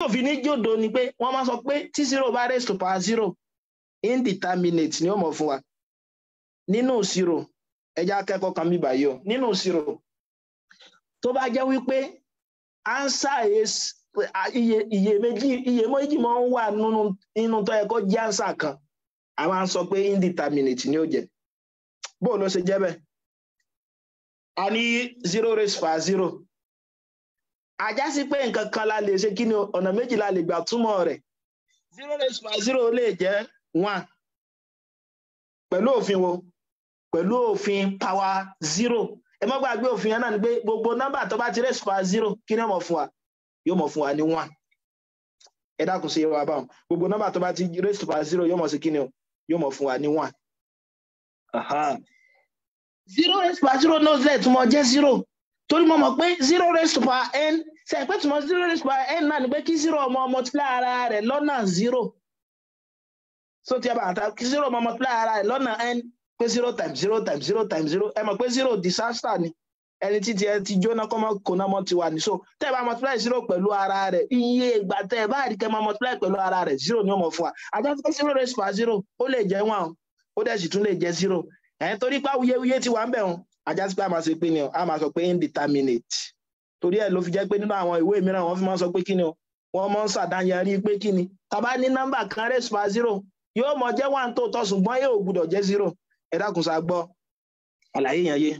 yóò fi ní jòdò ni pé wọ́n máa sọ pé tí zero bá raise to power ni ó mọ̀ fún wa nínú zero ẹja akẹ́kọ̀ọ́ kan bíbà o nínú zero tó bá jẹ́ wípé iye iye méjì nwa máa ń wà nínú tó yẹ kan a máa ń sọ pé indeterminate ni ó je, bó ló ṣe jẹ́ bẹ́ẹ̀ a ní zero raise to power zero sí pé nǹkan kan la lè ṣe kí ni ọ̀nà méjì la lè gbà túmọ̀ rẹ̀ zero raised by zero lè jẹ́ one pẹ̀lú òfin wo pẹ̀lú òfin power zero ẹ má gbàgbé òfin yẹn náà ni pé gbogbo nọ́mbà tó ti raised by zero kí ni ọmọ fún wa yóò mọ̀ fún wa ní one ẹ gbogbo nọ́mbà tó ti yóò mọ̀ sí kí ni o yóò mọ̀ fún wa ní one. zero náà lè túmọ̀ jẹ́ zero torí n ṣe pé tùmọ̀ zero raised by n náà ni pé kí zero ọmọ multiply ara rẹ̀ lọ́nà zero so tí a bá ta kí zero ọmọ multiply ara rẹ̀ lọ́nà n pé zero times zero times zero times zero ẹ mọ̀ pé zero disaster ni ẹni tí tiẹ̀ ti jóná kọ́mọ kóná mọ́ ti wà ní so tẹ́ ẹ bá multiply zero pẹ̀lú ara rẹ̀ iye ìgbà tẹ́ ẹ bá rí kẹ́ máa multiply pẹ̀lú ara rẹ̀ zero ni ó mọ̀ fún wa àjọ tí pé zero raised by zero ó lè jẹ́ one ó dẹ̀ sì tún lè jẹ́ zero ẹ̀ torí pé awuyewuye ti wà ń bẹ̀ wọn àjọ tí pé a máa ṣe pé ni a máa sọ pé indeterminate. torí ẹ̀ ló fi jẹ́ pé nínú àwọn ìwé mìíràn wọ́n fi máa ń sọ pé kí ni o wọ́n máa ń ṣàdáyanrí pé kí ni tàbá ní nọ́mbà kan rẹ̀ sùpà zero yóò mọ jẹ́ one tó tọ́ yóò gbúdọ̀ jẹ́ zero ẹ dákun ṣá gbọ́ àlàyé yẹn yé